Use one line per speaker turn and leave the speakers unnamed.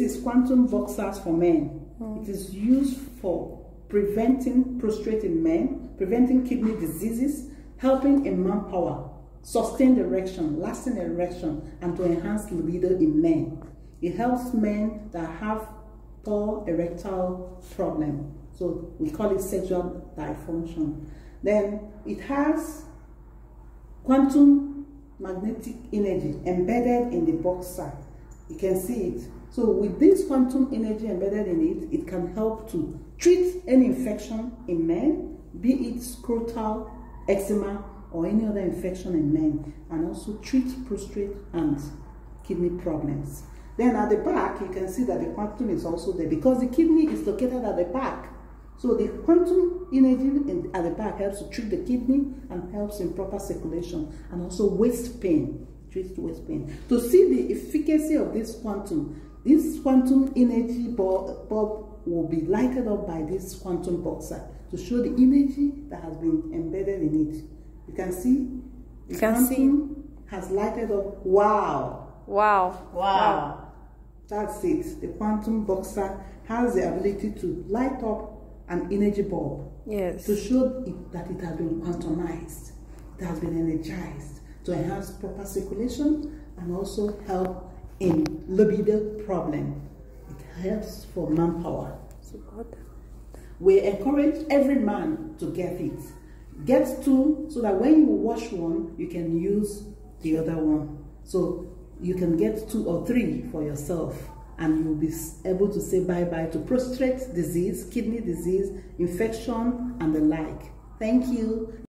This is quantum voxas for men. Mm. It is used for preventing prostrating in men, preventing kidney diseases, helping in manpower, sustained erection, lasting erection, and to enhance libido in men. It helps men that have poor erectile problem. So we call it sexual dysfunction. Then it has quantum magnetic energy embedded in the boxer. You can see it so with this quantum energy embedded in it, it can help to treat any infection in men, be it scrotal, eczema, or any other infection in men, and also treat prostate and kidney problems. Then at the back, you can see that the quantum is also there because the kidney is located at the back. So the quantum energy in, at the back helps to treat the kidney and helps in proper circulation and also waist pain, treats waist pain. To see the efficacy of this quantum, this quantum energy bulb will be lighted up by this quantum boxer to show the energy that has been embedded in it. You can see the can quantum see. has lighted up. Wow. Wow. Wow. wow. That's it. The quantum boxer has the ability to light up an energy bulb. Yes. To show it, that it has been quantumized, it has been energized to enhance proper circulation and also help in libido problem. It helps for manpower. We encourage every man to get it. Get two so that when you wash one, you can use the other one. So you can get two or three for yourself and you'll be able to say bye-bye to prostate disease, kidney disease, infection, and the like. Thank you.